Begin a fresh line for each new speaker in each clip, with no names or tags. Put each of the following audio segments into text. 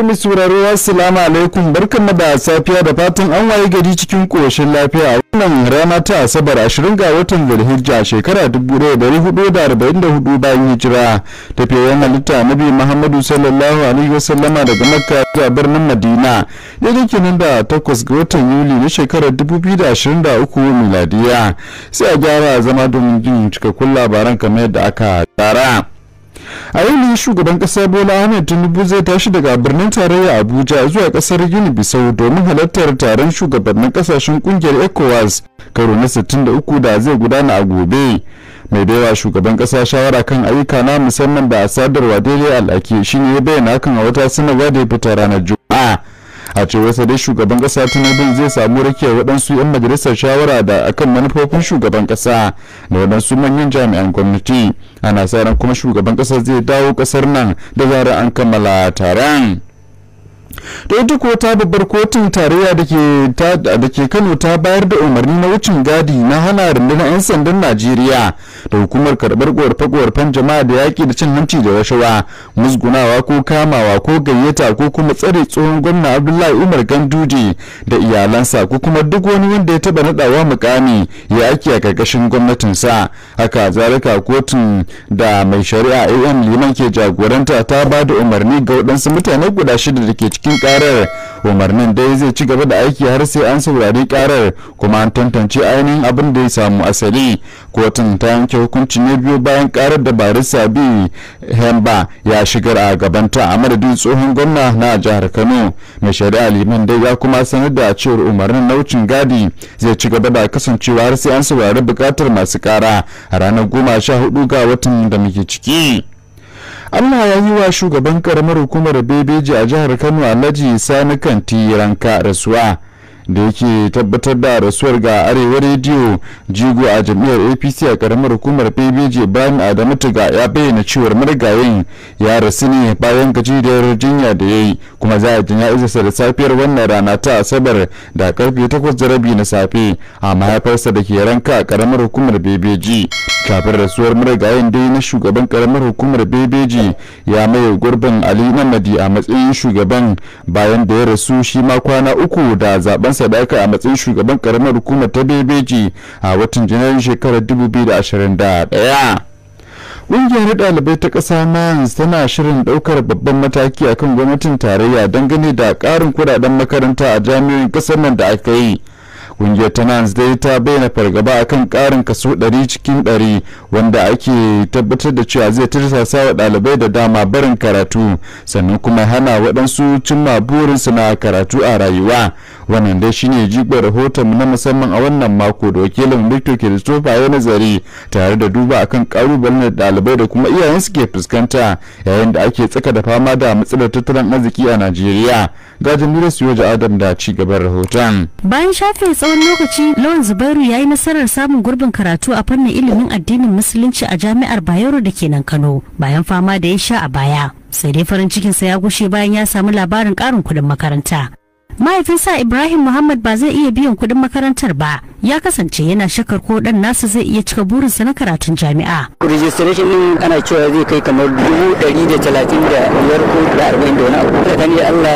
mu sauraro assalamu alaikum barkanmu da safiya da fatan an waye gari cikin koshin lafiya a wannan rana ta asabar 20 ga watan zulhijja shekara 1444 bayan hijira tafiyayen halitta nabi muhammadu sallallahu alaihi wasallama daga makka zuwa birnin madina daidai nan da 8 ga watan yuli na shekarar 2023 miladiya sai a gyara zama domin jin cikakkun labaran kamar yadda aka tsara. a yau ne shugaban kasa bola ahmed tinubu zai tashi daga birnin tarayya abuja zuwa kasar gini bisau domin halartar taron shugabannin kasashen kungiyar ecowas karo na 63 da zai gudana a gobe mai da yawa shugaban kasa shawara kan ayyuka na musamman da a sadarwa daidai al'ake shine ya bayyana hakan a wata sanarwa da ya fita ranar juma'a a cewar dai shugaban kasa tinubu zai samu rake waɗansu 'yan majalisar shawara da akan manufofin shugaban kasa da waɗansu manyan jami'an gwamnati ana sa ran kuma shugaban kasa zai dawo ƙasar nan da zarar an kammala taron to ita ko babbar kotun tarayya da ke kano ta bayar da umarni na wucin gadi na hana rundunar 'yan sandan najeriya da hukumar karɓar ƙorafe korfen jama'a da yaƙi da cin hanci da rashawa musgunawa ko kamawa ko gayyata ko kuma tsare tsohon gwamna abdullahi umar ganduje da iyalansa ko kuma duk wani wanda ya taɓa naɗawa mukami ya aiki a ƙarƙashin gwamnatinsa haka zalika kotun da mai shari'a am liman ke jagoranta ta ba da umarni ga waɗansu mutane guda shida da ke cikin cikin karar umarnin dai zai ci gaba da aiki har sai an saurari karar kuma an tantance ainihin abin da ya samu asali kotun ta yanke hukunci ne biyu bayan karar da barisa bi hemba ya shigar a gabanta a madadin tsohon gwamna na jihar kano mai shari'a liman dai ya kuma sanar da cewar umarnin na wucin gadi zai ci gaba da kasancewa har sai an saurari bukatar masu kara a ranar goma sha hudu ga watan da muke ciki. allah ya yi wa shugaban karamar hukumar bebeji a jihar kano alhaji sani kanti ranka rasuwa da yake tabbatar da rasuwar ga arewa rediyo jigo a jam'iyyar apc a karamar hukumar bebeji bayan adamu tuga ya bayyana cewar marigayin ya rasu ne bayan gajiyar jinya da yayi. kuma za a ya jana'izarsa da safiyar wannan rana ta asabar da karfe takwas da rabi na safe a mahaifarsa da ke ranka a karamar hukumar bebeji kafin rasuwar marigayen dai na shugaban karamar hukumar bebeji ya maye gurbin ali mamadi a matsayin shugaban bayan da ya rasu shi ma kwana uku da zaben sadaka a matsayin shugaban karamar hukumar ta bebeji a watan janairun shekarar 2021 Ƙungiyar ɗalibai ta ƙasa mayans tana shirin ɗaukar babban mataki akan gwamnatin tarayya dangane da ƙarin kuɗaɗen makaranta a jami'in ƙasar nan da aka yi. Ƙungiyar ta NANS dai ta bayyana fargaba akan ƙarin kaso ɗari cikin ɗari wanda ake tabbatar da cewa zai tirsasa wa ɗalibai da dama barin karatu sannan kuma hana waɗansu cimma burinsu na karatu a rayuwa. wannan dai shine jigon rahoton na musamman a wannan mako da wakilin victor christopher ya nazari tare da duba akan kalubalen da dalibai da kuma iyayen su ke fuskanta yayin da ake tsaka da fama da matsalar tattalin arziki a najeriya ga jamilu siyoja adam da ci gaban rahoton
bayan shafe tsawon lokaci lawan zubairu yayi nasarar samun gurbin karatu a fannin ilimin addinin musulunci a jami'ar bayero da ke nan kano bayan fama da ya sha a baya sai dai farin cikinsa ya gushe bayan ya samu labarin karin kuɗin makaranta sa ibrahim muhammad ba zai iya biyan kuɗin makarantar ba ya kasance yana shakar ko dan nasa zai iya cika burinsa na karatun jami'a
registration din ana cewa zai kai kamar dubu dari da talatin da biyar
ko da arba'in da wani abu tsakani da allah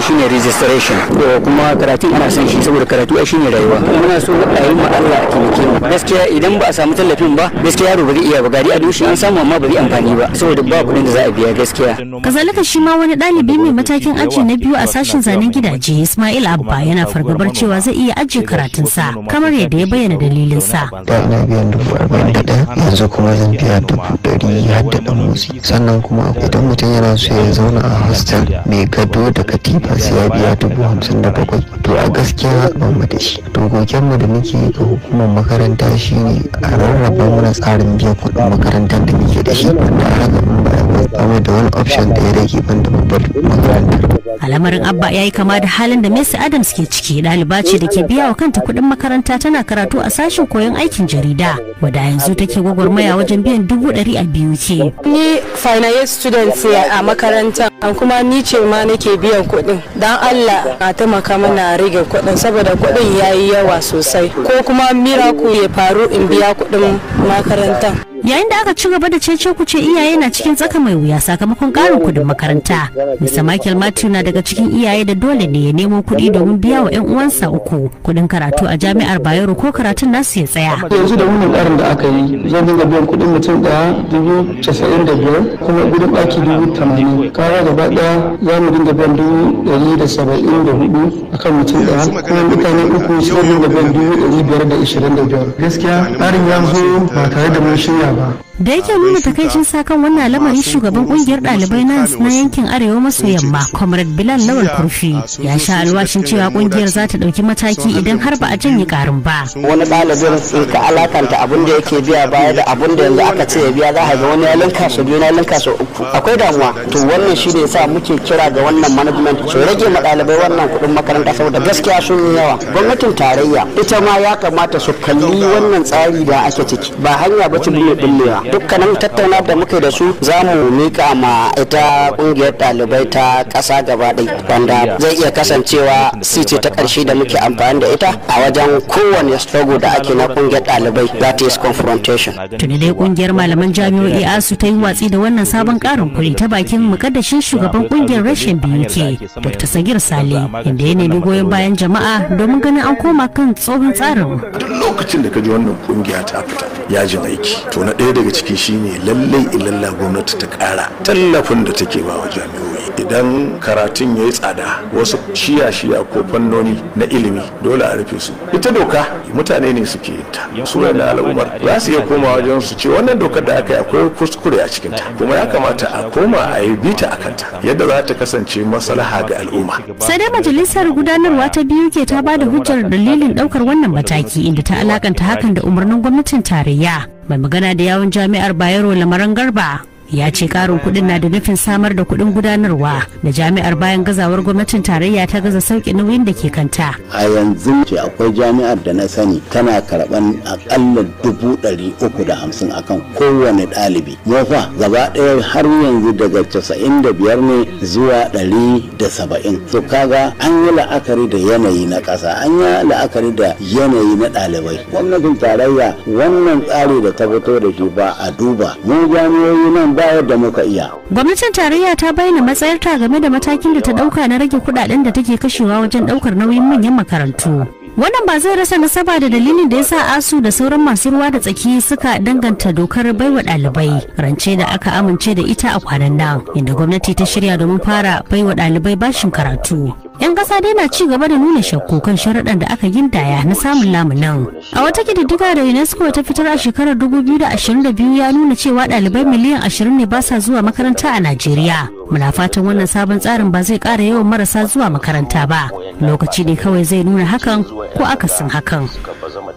shi shine registration to kuma karatun ana son shi saboda karatu a ne rayuwa muna so a yi ma allah a kimike mu gaskiya idan ba a samu tallafin ba
gaskiya yaro ba zai iya ba gari a doshi an samu amma ba zai amfani ba saboda ba kuɗin da za a biya gaskiya
kazalika shi ma wani ɗalibi mai matakin aji na biyu a sashen zanen gidaje Alhaji Ismail Abba yana fargabar cewa zai iya ajiye karatun sa kamar yadda ya bayyana dalilinsa. Da ina biyan dubu arba'in da ɗaya yanzu kuma zan biya dubu ɗari har da ɗan motsi sannan kuma idan mutum yana so ya zauna a hostel mai gado da katifa sai ya biya dubu hamsin da bakwai to a gaskiya ba mu da shi dokokin mu da muke ga hukumar makaranta shi ne a rarraba mana tsarin biyan kuɗin makarantar da muke da shi wanda haka mun ba da wani option da ya rage ban da babbar makarantar al'amarin abba ya yi kama da halin da messi adams ke ciki ɗaliba ce da ke biya wa kanta kuɗin makaranta tana karatu a sashen koyon aikin jarida wadda yanzu take gwagwarmaya wajen biyan dubu ɗari a biyu ce. ni finance student a makaranta kuma ni ce ma nake biyan kuɗin don allah na taimaka mana rage kuɗin saboda kuɗin ya yi yawa sosai ko kuma miraku ya faru in biya kuɗin makarantar. yayin da aka ci gaba da cece kuce ce iyaye na cikin tsaka mai wuya sakamakon karin kudin makaranta mr michael matthew na daga cikin iyaye da dole ne ya nemo kuɗi domin biya wa yan uwansa uku kudin karatu a jami'ar bayero ko karatun nasu ya tsaya yanzu da wannan karin
da aka yi zan dinga biyan kuɗin mutum ɗaya dubu casa'in da biyar kuma gudun ɗaki dubu tamanin kara gaba ɗaya za mu dinga biyan dubu ɗari da saba'in da hudu kan mutum ɗaya kuma mutane uku sun dinga biyan dubu ɗari biyar da ishirin da biyar gaskiya tsarin ya zo ba tare da mun shirya 了。
da yake nuna takaicin sakan wannan lamarin shugaban kungiyar dalibai na na yankin arewa maso yamma comrade bilal lawal kurfi ya sha alwashin cewa kungiyar za ta dauki mataki idan har ba a janye karin ba wani dalibin ka alakanta abin da yake biya baya da abin da yanzu aka ce ya biya za a ga wani ya linka biyu na linka su uku akwai damuwa to wannan shi ne sa muke kira ga wannan management su rage ma dalibai wannan kuɗin makaranta saboda gaskiya sun yi yawa gwamnatin tarayya ita ma ya kamata su kalli wannan tsari da ake ciki ba hanya ba ce bullewa dukkanin tattauna da muke da su za mu mika ma ita kungiyar ɗalibai ta kasa gaba ɗai wanda zai iya kasancewa ce ta karshe da muke amfani da ita a wajen kowane struggle da ake na kungiyar ɗalibai that is confrontation. Tuni dai kungiyar malaman jami'o'i ASU ta yi watsi da wannan sabon karin kuɗi ta bakin mukaddashin shugaban kungiyar rashin biyu ke Dr. Sagir Sale inda ya nemi goyon bayan jama'a domin ganin an koma kan tsohon tsarin. Duk lokacin da ka ji wannan kungiya ta fita yajin aiki to na ɗaya daga ciki shine lallai ilalla gwamnati ta ƙara tallafin da take ba wa
jami'o'i idan karatun ya yi tsada wasu shiya shiya ko fannoni na ilimi dole a rufe su ita doka mutane ne suke yin ta su na al'ummar za su iya koma wajen su ce wannan dokar da aka yi akwai kuskure a cikin ta kuma ya kamata a koma a yi bita a kanta yadda za ta kasance maslaha ga al'umma sai
dai majalisar gudanarwa ta biyu ke ta ba da hujjar dalilin daukar wannan mataki inda ta alakanta hakan da umarnin gwamnatin tarayya mai magana da yawon jami'ar bayero lamaran garba ya ce karin kuɗin na da nufin samar da kuɗin gudanarwa da jami'ar bayan gazawar gwamnatin tarayya ta gaza sauƙi nauyin da ke kanta
a yanzu ce akwai jami'ar da na sani tana karɓan akalla dubu ɗari uku da hamsin akan kowane ɗalibi mofa gaba ɗaya har yanzu daga casa'in da biyar ne zuwa ɗari da saba'in to kaga an yi la'akari da yanayi na ƙasa an yi la'akari da yanayi na ɗalibai gwamnatin tarayya wannan tsari da ta fito da shi ba a duba mu jami'oyi nan ba iya yadda muka iya.
Gwamnatin tarayya ta bayyana matsayarta game da matakin da ta dauka na rage kudaden da take kashewa wajen daukar nauyin manyan makarantu. Wannan ba zai rasa nasaba da dalilin da ya sa ASU da sauran masu ruwa da tsaki suka danganta dokar baiwa ɗalibai rance da aka amince da ita a kwanan nan inda gwamnati ta shirya domin fara baiwa ɗalibai bashin karatu. 'Yan ƙasa dai na ci gaba da nuna shakku kan sharaɗan da aka gindaya na samun lamunan. A wata kididdiga da UNESCO ta fitar a shekarar 2022 ya nuna cewa ɗalibai miliyan 20 ne ba sa zuwa makaranta a Najeriya. muna fatan wannan sabon tsarin ba zai ƙara yawan marasa zuwa makaranta ba lokaci ne kawai zai nuna hakan ko akasin hakan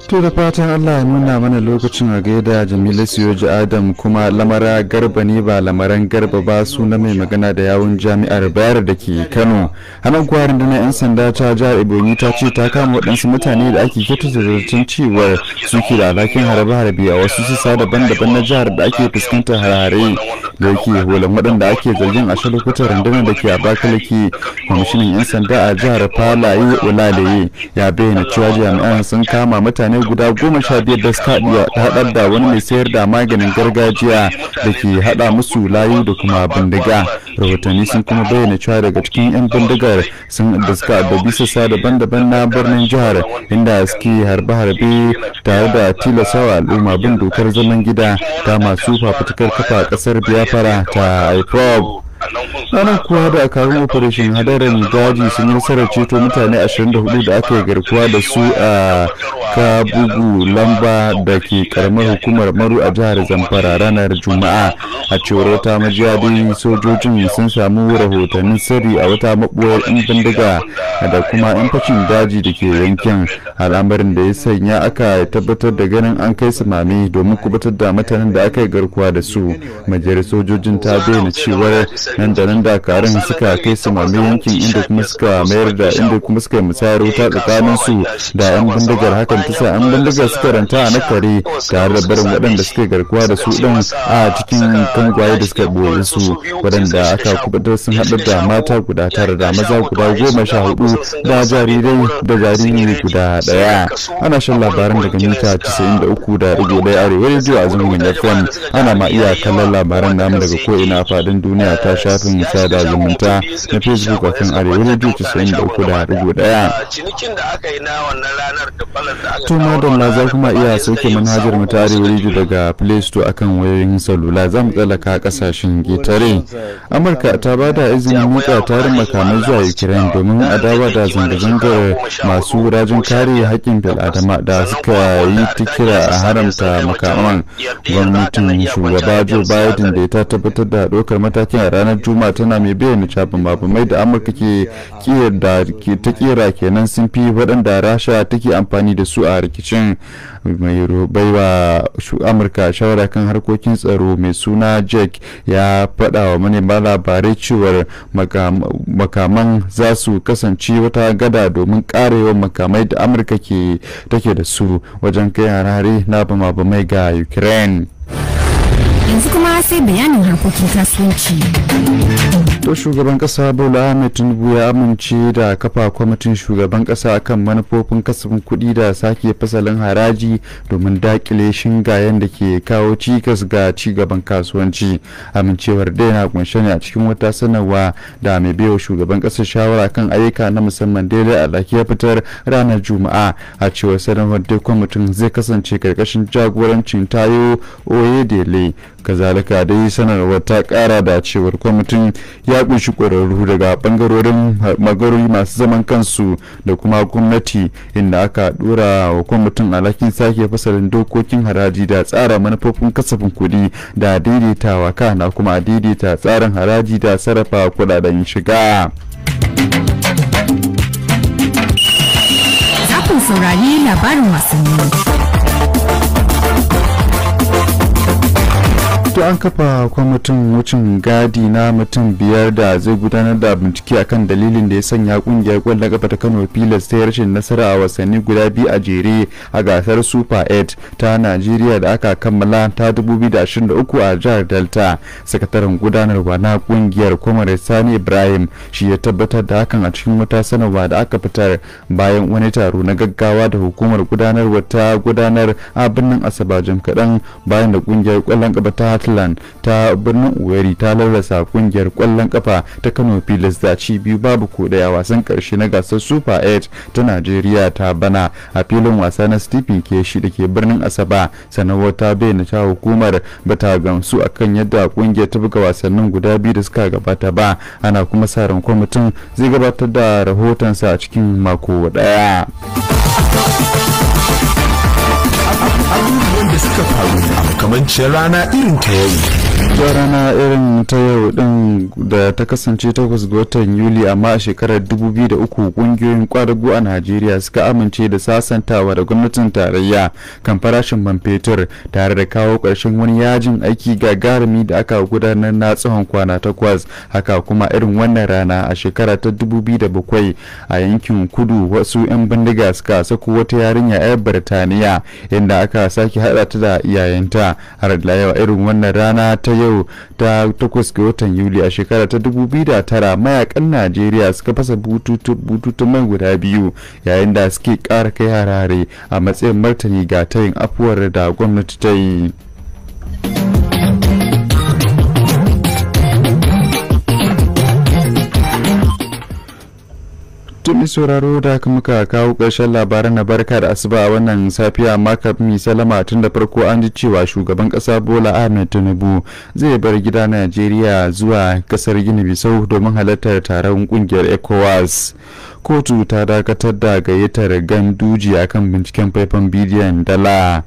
To da fatan Allah ya muna mana lokacin a gaida Jamilu Siyoji Adam kuma lamara garba ne ba lamaran garba ba su na mai magana da yawun jami'ar bayar da ke Kano. Hannun kuwa rundunar 'yan sanda ta jihar Ebonyi ta ce ta kama waɗansu mutane da ake da zancen cewar su ke da alhakin harbe-harbe a wasu sassa daban-daban na jihar da ake fuskantar harare da yake holan waɗanda ake zargin a shalukutan rundunar da ke a Bakalake kwamishinan 'yan sanda a jihar Falaye ulalaye ya bayyana cewa jami'an sun kama mutane mutane guda goma sha biyar da suka ta haɗar da wani mai sayar da maganin gargajiya da ke haɗa musu layu da kuma bindiga rahotanni sun kuma bayyana cewa daga cikin 'yan bindigar sun da suka addabi sassa daban-daban na birnin jihar inda suke harbe-harbe tare da tilasawa al'umma bin dokar zaman gida ta masu fafutukar kafa ƙasar biafra ta ipob ranar kuwa da aka karu operation hadarin daji sun nasarar ceto mutane 24 da aka yi garkuwa da su a kabugu lamba da ke karamar hukumar maru a jihar zamfara ranar juma'a a cewar wata majiyadi sojojin sun samu rahotannin sari a wata mabuwar in bindiga da kuma yan fashin daji da ke yankin al'amarin da ya sanya aka tabbatar da ganin an kai samami domin kubatar da mutanen da aka yi garkuwa da su majiyar sojojin ta bayyana cewar nan da nan dakarun suka kai samami yankin inda kuma suka mayar da inda kuma suka musayar wuta tsakanin su da yan bindigar hakan ta sa yan bindigar suka ranta a nakare tare da barin waɗanda suka garkuwa da su ɗin a cikin kangwaye da suka boye su waɗanda aka kubutar sun haɗar da mata guda tara da maza guda goma sha hudu da jarirai da jariri guda ɗaya ana shan labaran daga mita 93 da uku da rigo ɗaya arewa rediyo a zangon fm ana ma iya kallon labaran namu daga ko'ina a faɗin duniya ta shafin sada zumunta na facebook a kan arewa na da uku da falar daya. aka tuma da za kuma iya sauke manhajar mu ta arewa radio daga play store akan wayoyin salula za mu tsallaka kasashen getare amurka ta ba da izinin motsa tarin makamai zuwa ukraine domin adawa da zanga-zangar masu rajin kare haƙƙin bil'adama da suka yi tikira a haramta makaman gwamnatin shugaba joe biden da ya tabbatar da ɗaukar matakin a ranar juma tana mai bayyana cafin mai da amurka ke ta kera kenan sun fi waɗanda rasha take amfani da su a rikicin mai baiwa amurka shawara kan harkokin tsaro mai suna jack ya faɗa wa manema labarai cewar makaman za su kasance wata gada domin karewa makamai da amurka ke take da su wajen kai harare na bama mai ga ukraine yanzu kuma sai bayanin harkokin kasuwanci. To shugaban kasa Bola Ahmed Tinubu ya amince da kafa kwamitin shugaban kasa kan manufofin kasafin kuɗi da sake fasalin haraji domin dakile shingayen da ke kawo cikas ga cigaban kasuwanci. Amincewar dai na kunshe ne a cikin wata sanarwa da mai baiwa shugaban kasa shawara kan ayyuka na musamman daidai a lafiya fitar ranar Juma'a a cewar sanarwar dai kwamitin zai kasance karkashin jagorancin tayo Oyedele. Kazalika dai sanarwar ta kara da cewar kwamitin ya kunshi kwararru daga bangarorin magarori masu zaman kansu da kuma gwamnati inda aka dora wa kwamitin alhakin sake fasalin dokokin haraji da tsara manufofin kasafin kuɗi da daidaitawa na kuma daidaita tsarin haraji da sarrafa kudaden shiga.
saurari labarin wasanni.
to an kafa kwamitin wucin gadi na mutum biyar da zai gudanar da bincike akan dalilin da ya sanya kungiyar kwallon kafa ta kano pilas ta rashin nasara a wasanni guda biyu a jere a gasar super 8 ta nigeria da aka kammala ta 2023 a jihar delta sakataren gudanarwa na kungiyar kwamare sani ibrahim shi ya tabbatar da hakan a cikin wata sanarwa da aka fitar bayan wani taro na gaggawa da hukumar gudanarwa ta gudanar a birnin asaba jim kaɗan bayan da kungiyar kwallon kafa ta Scotland ta birnin Uweri ta lalasa kungiyar kwallon kafa ta Kano Pilas da ci biyu babu ko daya wasan karshe na gasar Super 8 ta Najeriya ta bana a filin wasa na Stephen Keshi da ke birnin Asaba sanarwar ta bayyana ta hukumar bata gamsu akan yadda kungiyar ta buga wasannin guda biyu da suka gabata ba ana kuma sa ran kwamitin zai gabatar da rahotonsa a cikin mako daya. da suka faru a makamancin rana irin ta yau ta rana irin ta yau din da ta kasance takwas ga watan yuli amma a shekarar 2003 kungiyoyin kwadago a najeriya suka amince da sasantawa da gwamnatin tarayya kan farashin man fetur tare da kawo ƙarshen wani yajin aiki gagarumi da aka gudanar na tsawon kwana takwas haka kuma irin wannan rana a shekara ta 2007 a yankin kudu wasu 'yan bindiga suka sako wata yarinya 'yar birtaniya inda aka sake haɗa ta da iyayenta har da yau irin wannan rana ta yau ta takwas ga watan yuli a shekara ta 2009 mayakan najeriya suka fasa bututun man guda biyu yayin da suke kara kai harare a matsayin martani ga tayin afuwar da gwamnati ta yi tuni sauraro da haka muka kawo karshen labaran na barka da asuba a wannan safiya maka mi salama tun da farko an ji cewa shugaban kasa bola ahmed tinubu zai bar gida najeriya zuwa ƙasar gini bisau domin halartar taron ƙungiyar ecowas kotu ta dakatar da gayyatar ganduji kan binciken faifan bidiyon dala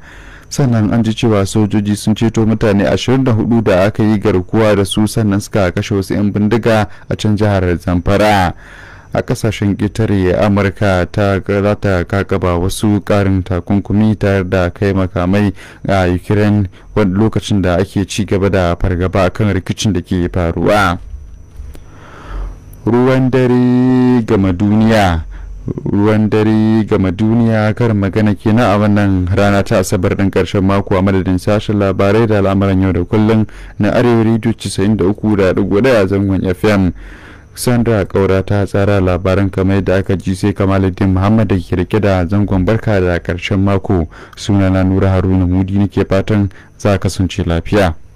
sannan an ji cewa sojoji sun ceto mutane 24 da aka yi garkuwa da su sannan suka kashe wasu 'yan bindiga a can jihar zamfara a kasashen ƙetare amurka ta za ta kakaba wasu ƙarin takunkumi tare da kai makamai a ukraine wani lokacin da ake ci gaba da fargaba kan rikicin da ke faruwa ruwan dare gama duniya ruwan dare gama duniya kar magana kenan a wannan rana ta asabar ɗin karshen mako a madadin sashen labarai da al'amuran yau da kullum na arewa rediyo 93.1 a zangon fm sandra kaura ta tsara labaran kamar yadda aka ji sai kamaladin muhammad da ke rike da zangon barka da karshen mako sunana nura haruna mudi nake fatan za kasance lafiya